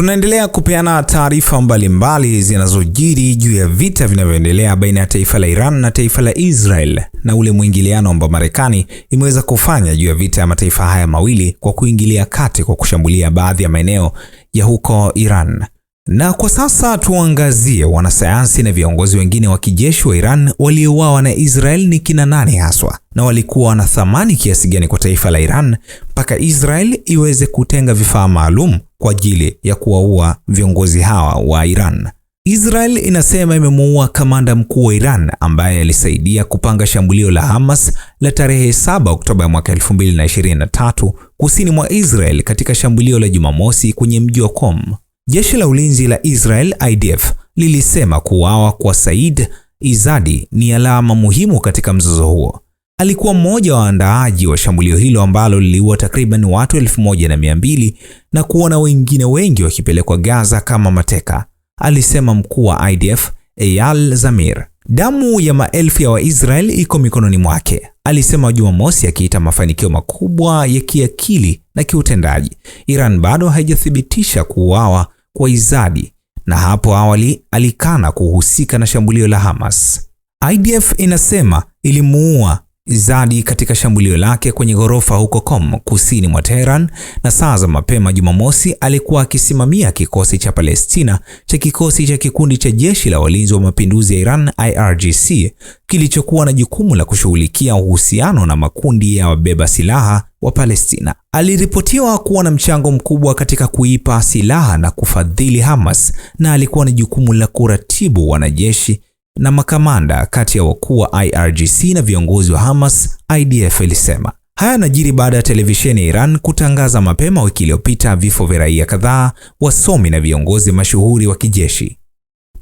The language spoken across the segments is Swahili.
Tunaendelea kupeana taarifa mbalimbali zinazojiri juu ya vita vinavyoendelea baina ya taifa la Iran na taifa la Israel na ule mwingiliano ambao Marekani imeweza kufanya juu ya vita ya mataifa haya mawili kwa kuingilia kati kwa kushambulia baadhi ya maeneo ya huko Iran. Na kwa sasa tuangazie wanasayansi na viongozi wengine wa kijeshi wa Iran waliouawa na Israel ni kina nani haswa na walikuwa na thamani kiasi gani kwa taifa la Iran mpaka Israel iweze kutenga vifaa maalum kwa ajili ya kuwaua viongozi hawa wa Iran. Israel inasema imemuua kamanda mkuu wa Iran ambaye alisaidia kupanga shambulio la Hamas la tarehe 7 Oktoba mwaka 2023 kusini mwa Israel katika shambulio la Jumamosi kwenye mji wa Qom. Jeshi la ulinzi la Israel IDF lilisema kuuawa kwa Said Izadi ni alama muhimu katika mzozo huo alikuwa mmoja wa waandaaji wa shambulio hilo ambalo liliua takriban watu 1200 na na kuona wengine wengi wakipelekwa Gaza kama mateka, alisema mkuu wa IDF Eyal Zamir. Damu ya maelfu ya Waisrael iko mikononi mwake, alisema Jumamosi, akiita mafanikio makubwa ya kiakili na kiutendaji. Iran bado haijathibitisha kuuawa kwa Izadi na hapo awali alikana kuhusika na shambulio la Hamas. IDF inasema ilimuua Zadi katika shambulio lake kwenye ghorofa huko Qom kusini mwa Tehran, na saa za mapema Jumamosi alikuwa akisimamia kikosi cha Palestina cha kikosi cha kikundi cha jeshi la walinzi wa mapinduzi ya Iran IRGC kilichokuwa na jukumu la kushughulikia uhusiano na makundi ya wabeba silaha wa Palestina. Aliripotiwa kuwa na mchango mkubwa katika kuipa silaha na kufadhili Hamas na alikuwa na jukumu la kuratibu wanajeshi na makamanda kati ya wakuu wa IRGC na viongozi wa Hamas, IDF ilisema. Haya yanajiri baada ya televisheni ya Iran kutangaza mapema wiki iliyopita vifo vya raia kadhaa, wasomi na viongozi mashuhuri wa kijeshi.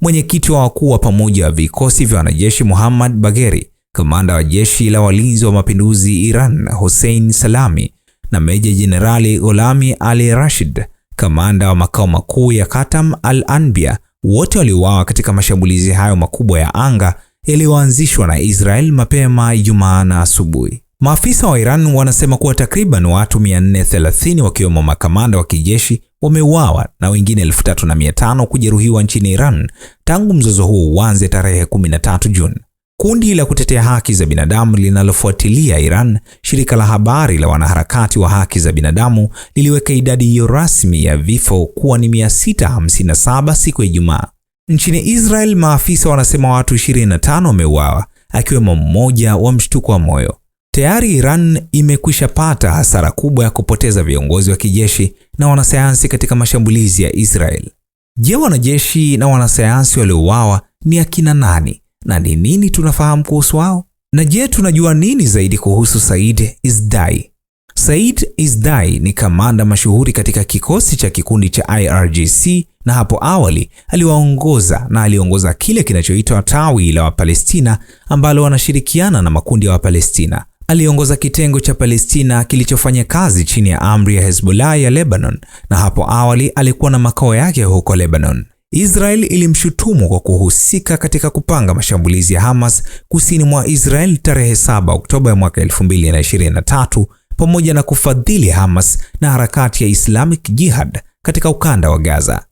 Mwenyekiti wa wakuu wa pamoja wa vikosi vya wanajeshi Muhammad Bagheri, kamanda wa jeshi la walinzi wa mapinduzi Iran Hussein Salami na meja jenerali Gholami Ali Rashid, kamanda wa makao makuu ya Katam al-Anbia wote waliuawa katika mashambulizi hayo makubwa ya anga yaliyoanzishwa na Israel mapema Ijumaa na asubuhi. Maafisa wa Iran wanasema kuwa takriban watu 430 wakiwemo makamanda wa kijeshi wameuawa na wengine 3500 kujeruhiwa nchini Iran tangu mzozo huo uanze tarehe 13 Juni. Kundi la kutetea haki za binadamu linalofuatilia Iran, shirika la habari la wanaharakati wa haki za binadamu liliweka idadi hiyo rasmi ya vifo kuwa ni 657 siku ya Ijumaa. Nchini Israel, maafisa wanasema watu 25 wameuawa, akiwemo mmoja wa mshtuko wa moyo. Tayari Iran imekwishapata hasara kubwa ya kupoteza viongozi wa kijeshi na wanasayansi katika mashambulizi ya Israel. Je, wanajeshi na wanasayansi waliouawa ni akina nani? na ni nini tunafahamu kuhusu wao? Na je, tunajua nini zaidi kuhusu Said Isdai? Said Isdai ni kamanda mashuhuri katika kikosi cha kikundi cha IRGC na hapo awali aliwaongoza na aliongoza kile kinachoitwa tawi la Wapalestina ambalo wanashirikiana na makundi ya wa Wapalestina. Aliongoza kitengo cha Palestina kilichofanya kazi chini ya amri ya Hezbollah ya Lebanon na hapo awali alikuwa na makao yake huko Lebanon. Israel ilimshutumu kwa kuhusika katika kupanga mashambulizi ya Hamas kusini mwa Israel tarehe 7 Oktoba mwaka 2023 pamoja na kufadhili Hamas na harakati ya Islamic Jihad katika ukanda wa Gaza.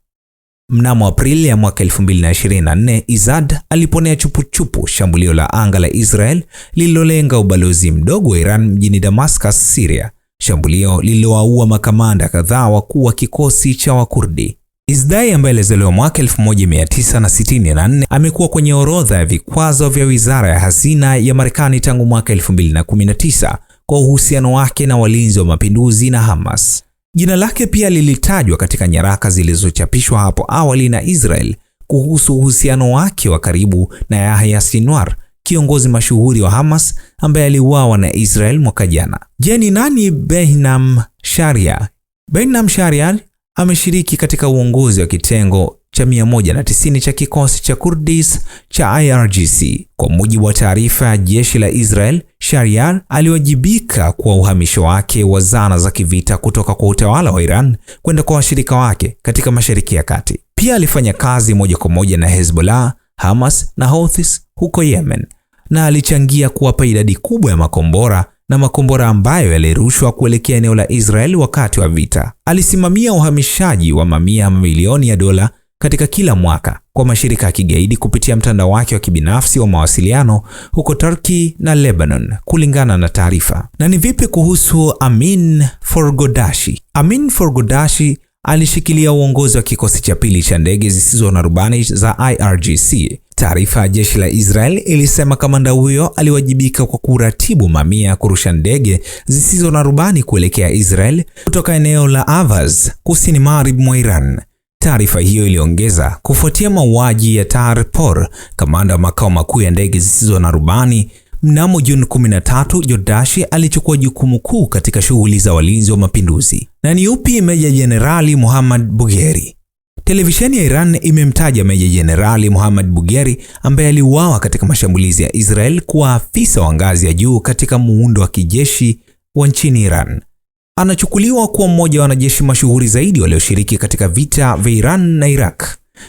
Mnamo Aprili ya mwaka 2024, Izad aliponea chupuchupu shambulio la anga la Israel lililolenga ubalozi mdogo wa Iran mjini Damascus, Syria, shambulio lililowaua makamanda kadhaa wakuu wa kikosi cha Wakurdi izdai ambaye alizaliwa mwaka 1964 amekuwa kwenye orodha ya vikwazo vya Wizara ya Hazina ya Marekani tangu mwaka 2019 kwa uhusiano wake na walinzi wa mapinduzi na Hamas. Jina lake pia lilitajwa katika nyaraka zilizochapishwa hapo awali na Israel kuhusu uhusiano wake wa karibu na Yahya Sinwar, kiongozi mashuhuri wa Hamas ambaye aliuawa na Israel mwaka jana. Je, ni nani Behnam Sharia? Behnam Sharia ameshiriki katika uongozi wa kitengo cha 190 cha kikosi cha Kurdis cha IRGC. Kwa mujibu wa taarifa ya jeshi la Israel, sharyar aliwajibika kwa uhamisho wake wa zana za kivita kutoka kwa utawala wa Iran kwenda kwa washirika wake katika Mashariki ya Kati. Pia alifanya kazi moja kwa moja na Hezbollah, Hamas na Houthis huko Yemen na alichangia kuwapa idadi kubwa ya makombora na makombora ambayo yalirushwa kuelekea eneo la Israel wakati wa vita. Alisimamia uhamishaji wa mamia ya mamilioni ya dola katika kila mwaka kwa mashirika ya kigaidi kupitia mtandao wake wa kibinafsi wa mawasiliano huko Turkey na Lebanon, kulingana na taarifa. Na ni vipi kuhusu Amin Forgodashi? Amin Forgodashi alishikilia uongozi wa kikosi cha pili cha ndege zisizo na rubani za IRGC Taarifa ya jeshi la Israel ilisema kamanda huyo aliwajibika kwa kuratibu mamia kurusha ndege zisizo na rubani kuelekea Israel kutoka eneo la Avaz kusini magharibi mwa Iran. Taarifa hiyo iliongeza, kufuatia mauaji ya Tahar Por, kamanda wa makao makuu ya ndege zisizo na rubani mnamo Juni 13, Jodashi alichukua jukumu kuu katika shughuli za walinzi wa mapinduzi na ni upi Meja Jenerali Muhammad bugeri Televisheni ya Iran imemtaja Meja Jenerali Mohammad Bugeri ambaye aliuawa katika mashambulizi ya Israel kuwa afisa wa ngazi ya juu katika muundo wa kijeshi wa nchini Iran. Anachukuliwa kuwa mmoja wa wanajeshi mashuhuri zaidi walioshiriki katika vita vya Iran na Iraq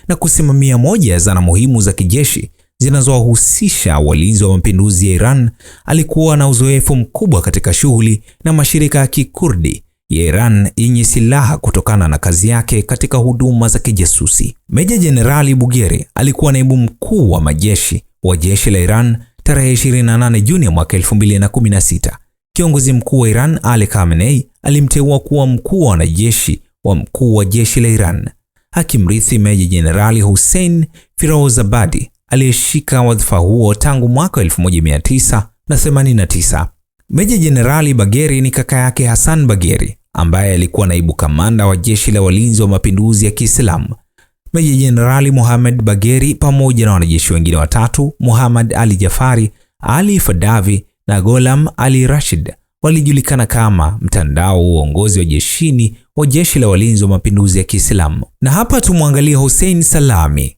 na kusimamia moja ya zana muhimu za kijeshi zinazowahusisha walinzi wa mapinduzi ya Iran. Alikuwa na uzoefu mkubwa katika shughuli na mashirika ya Kikurdi ya Iran yenye silaha kutokana na kazi yake katika huduma za kijasusi. Meja Jenerali Bugeri alikuwa naibu mkuu wa majeshi wa jeshi la Iran tarehe 28 Juni mwaka 2016. Kiongozi mkuu wa Iran Ali Khamenei alimteua kuwa mkuu wa wanajeshi wa mkuu wa jeshi la Iran, akimrithi Meja Jenerali Hussein Firouzabadi aliyeshika wadhifa huo tangu mwaka 1989. Meja Jenerali Bagheri ni kaka yake Hassan Bagheri ambaye alikuwa naibu kamanda wa jeshi la walinzi wa mapinduzi ya Kiislamu, Meja Jenerali Mohamed bageri pamoja na wanajeshi wengine watatu, Muhammad Ali Jafari, Ali Fadavi na Golam Ali Rashid, walijulikana kama mtandao wa uongozi wa jeshini wa jeshi la walinzi wa mapinduzi ya Kiislamu. Na hapa tumwangalie Hussein Salami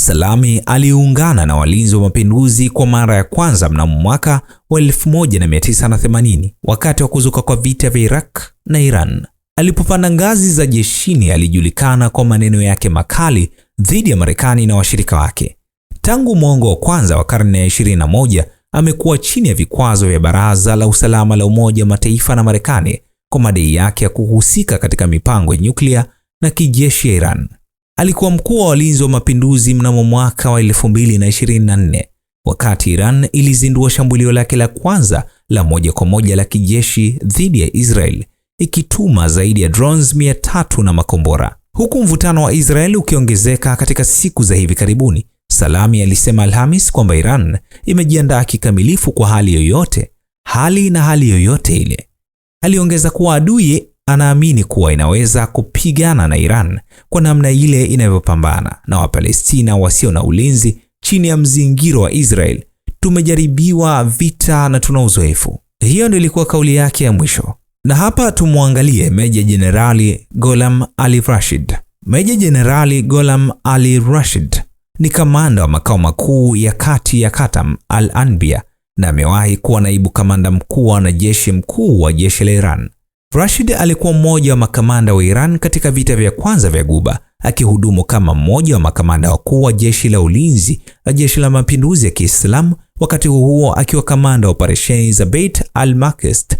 salami aliungana na walinzi wa mapinduzi kwa mara ya kwanza mnamo mwaka wa 1980 wakati wa kuzuka kwa vita vya Iraq na Iran. Alipopanda ngazi za jeshini, alijulikana kwa maneno yake makali dhidi ya Marekani na washirika wake. Tangu mwongo wa kwanza wa karne ya 21 amekuwa chini ya vikwazo vya Baraza la Usalama la Umoja wa Mataifa na Marekani kwa madai yake ya kuhusika katika mipango ya nyuklia na kijeshi ya Iran alikuwa mkuu wa walinzi wa mapinduzi mnamo mwaka wa 2024 wakati Iran ilizindua shambulio lake la kwanza la moja kwa moja la kijeshi dhidi ya Israel ikituma zaidi ya drones 300 na makombora. Huku mvutano wa Israel ukiongezeka katika siku za hivi karibuni, Salami alisema Alhamis kwamba Iran imejiandaa kikamilifu kwa hali yoyote, hali na hali yoyote ile. Aliongeza kuwa adui anaamini kuwa inaweza kupigana na Iran kwa namna ile inavyopambana na Wapalestina wasio na ulinzi chini ya mzingiro wa Israel. Tumejaribiwa vita na tuna uzoefu. Hiyo ndio ilikuwa kauli yake ya mwisho. Na hapa tumwangalie Meja Jenerali Golam Ali Rashid. Meja Jenerali golam Ali Rashid ni kamanda wa makao makuu ya kati ya Katam al-Anbiya na amewahi kuwa naibu kamanda mkuu wa wanajeshi mkuu wa jeshi la Iran. Rashid alikuwa mmoja wa makamanda wa Iran katika vita vya kwanza vya guba akihudumu kama mmoja wa makamanda wakuu wa jeshi la ulinzi la jeshi la mapinduzi ya Kiislamu, wakati huo akiwa kamanda wa operesheni za Beit al makist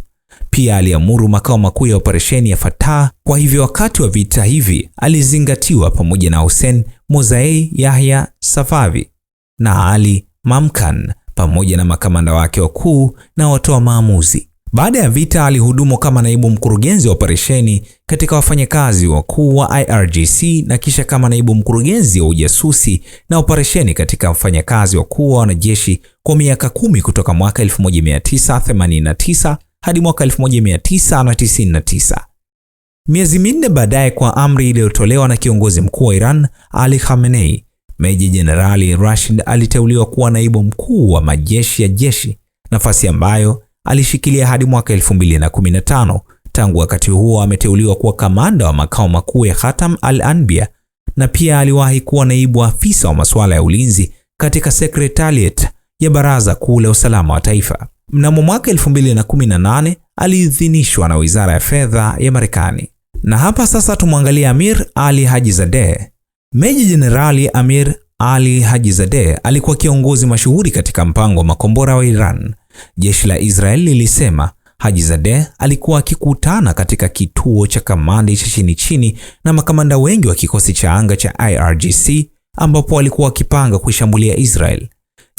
Pia aliamuru makao makuu ya operesheni ya Fatah. Kwa hivyo wakati wa vita hivi alizingatiwa pamoja na Hussein Mozaei, Yahya Safavi na Ali Mamkan pamoja na makamanda wake wakuu na watoa maamuzi. Baada ya vita alihudumu kama naibu mkurugenzi wa operesheni katika wafanyakazi wakuu wa IRGC na kisha kama naibu mkurugenzi wa ujasusi na operesheni katika wafanyakazi wakuu wa wanajeshi kwa miaka kumi kutoka mwaka 1989 hadi mwaka 1999. Miezi minne baadaye, kwa amri iliyotolewa na kiongozi mkuu wa Iran Ali Khamenei, Meja Jenerali Rashid aliteuliwa kuwa naibu mkuu wa majeshi ya jeshi, nafasi ambayo alishikilia hadi mwaka 2015. Tangu wakati huo ameteuliwa kuwa kamanda wa makao makuu ya Khatam al-Anbiya na pia aliwahi kuwa naibu afisa wa masuala ya ulinzi katika Secretariat ya Baraza Kuu la Usalama wa Taifa. Mnamo mwaka 2018 aliidhinishwa na Wizara ya Fedha ya Marekani. Na hapa sasa tumwangalie Amir Ali Haji Zadeh. Meji Jenerali Amir Ali Haji Zadeh alikuwa kiongozi mashuhuri katika mpango wa makombora wa Iran. Jeshi la Israel lilisema Hajizadeh alikuwa akikutana katika kituo cha kamandi cha chini chini na makamanda wengi wa kikosi cha anga cha IRGC ambapo walikuwa wakipanga kuishambulia Israel.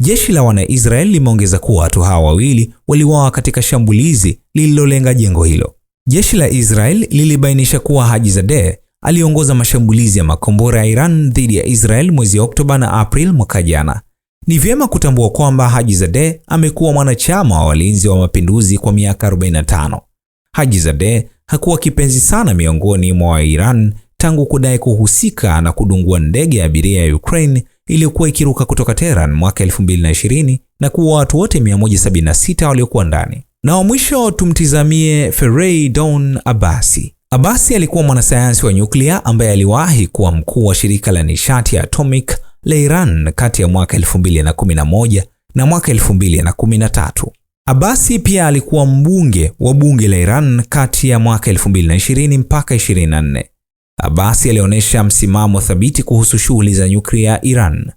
Jeshi la Wanaisrael limeongeza kuwa watu hawa wawili waliuawa katika shambulizi lililolenga jengo hilo. Jeshi la Israel lilibainisha kuwa Hajizadeh aliongoza mashambulizi ya makombora ya Iran dhidi ya Israel mwezi Oktoba na April mwaka jana. Ni vyema kutambua kwamba Haji zade amekuwa mwanachama wa Walinzi wa Mapinduzi kwa miaka 45. Haji zade hakuwa kipenzi sana miongoni mwa Wairan tangu kudai kuhusika na kudungua ndege ya abiria ya Ukraine iliyokuwa ikiruka kutoka Tehran mwaka 2020 na kuwa watu wote 176 waliokuwa ndani. Na wa mwisho tumtizamie ferrey Don Abasi. Abasi alikuwa mwanasayansi wa nyuklia ambaye aliwahi kuwa mkuu wa shirika la nishati ya atomic la Iran kati ya mwaka 2011 na mwaka 2013. Abasi pia alikuwa mbunge wa bunge la Iran kati ya mwaka 2020 mpaka 24. Abasi alionyesha msimamo thabiti kuhusu shughuli za nyuklia ya Iran.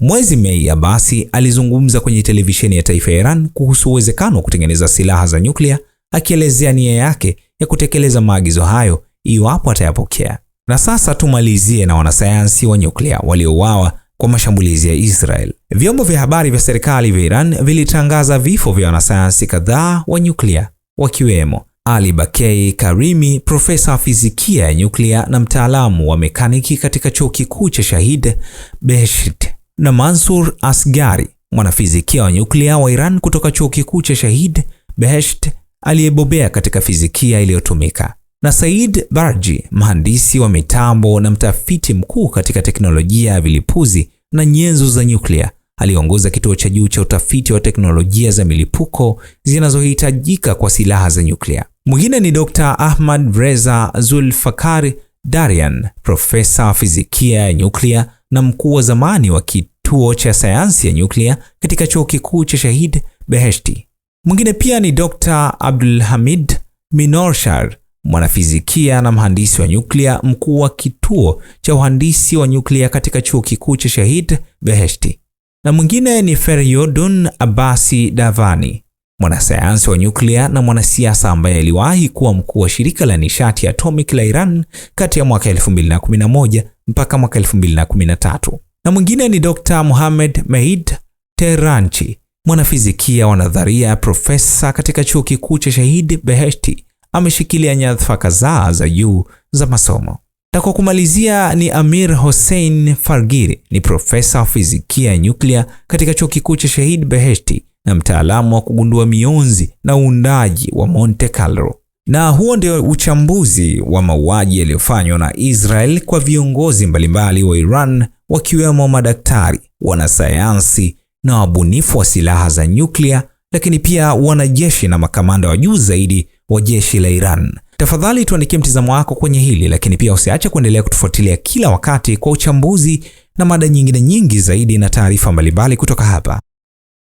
Mwezi Mei, Abasi alizungumza kwenye televisheni ya taifa ya Iran kuhusu uwezekano wa kutengeneza silaha za nyuklia, akielezea nia yake ya kutekeleza maagizo hayo iwapo atayapokea. Na sasa tumalizie na wanasayansi wa nyuklia waliouawa kwa mashambulizi ya Israel. Vyombo vya habari vya serikali vya Iran vilitangaza vifo vya wanasayansi kadhaa wa nyuklia wakiwemo Ali Bakei Karimi, profesa wa fizikia ya nyuklia na mtaalamu wa mekaniki katika chuo kikuu cha Shahid beheshit na Mansur Asgari, mwanafizikia wa nyuklia wa Iran kutoka chuo kikuu cha Shahid beheshit aliyebobea katika fizikia iliyotumika na Said Barji, mhandisi wa mitambo na mtafiti mkuu katika teknolojia ya vilipuzi na nyenzo za nyuklia, aliongoza kituo cha juu cha utafiti wa teknolojia za milipuko zinazohitajika kwa silaha za nyuklia. Mwingine ni Dr. Ahmad Reza Zulfakar Darian, profesa fizikia ya nyuklia na mkuu wa zamani wa kituo cha sayansi ya nyuklia katika chuo kikuu cha Shahid Beheshti. Mwingine pia ni Dr. Abdulhamid Minorshar mwanafizikia na mhandisi wa nyuklia, mkuu wa kituo cha uhandisi wa nyuklia katika chuo kikuu cha Shahid Beheshti, na mwingine ni Feryodun Abasi Davani, mwanasayansi wa nyuklia na mwanasiasa ambaye aliwahi kuwa mkuu wa shirika la nishati atomic la Iran kati ya mwaka 2011 mpaka mwaka 2013. Na mwingine ni Dr. Mohamed Mehid Teranchi, mwanafizikia wa nadharia, profesa katika chuo kikuu cha Shahid Beheshti ameshikilia nyadhifa kadhaa za juu za masomo. Na kwa kumalizia ni Amir Hossein Fargiri, ni profesa wa fizikia ya nyuklia katika chuo kikuu cha Shahid Beheshti na mtaalamu wa kugundua mionzi na uundaji wa Monte Carlo. Na huo ndio uchambuzi wa mauaji yaliyofanywa na Israel kwa viongozi mbalimbali wa Iran wakiwemo madaktari, wanasayansi na wabunifu wa silaha za nyuklia, lakini pia wanajeshi na makamanda wa juu zaidi wa jeshi la Iran. Tafadhali tuandikie mtizamo wako kwenye hili, lakini pia usiache kuendelea kutufuatilia kila wakati kwa uchambuzi na mada nyingine nyingi zaidi na taarifa mbalimbali kutoka hapa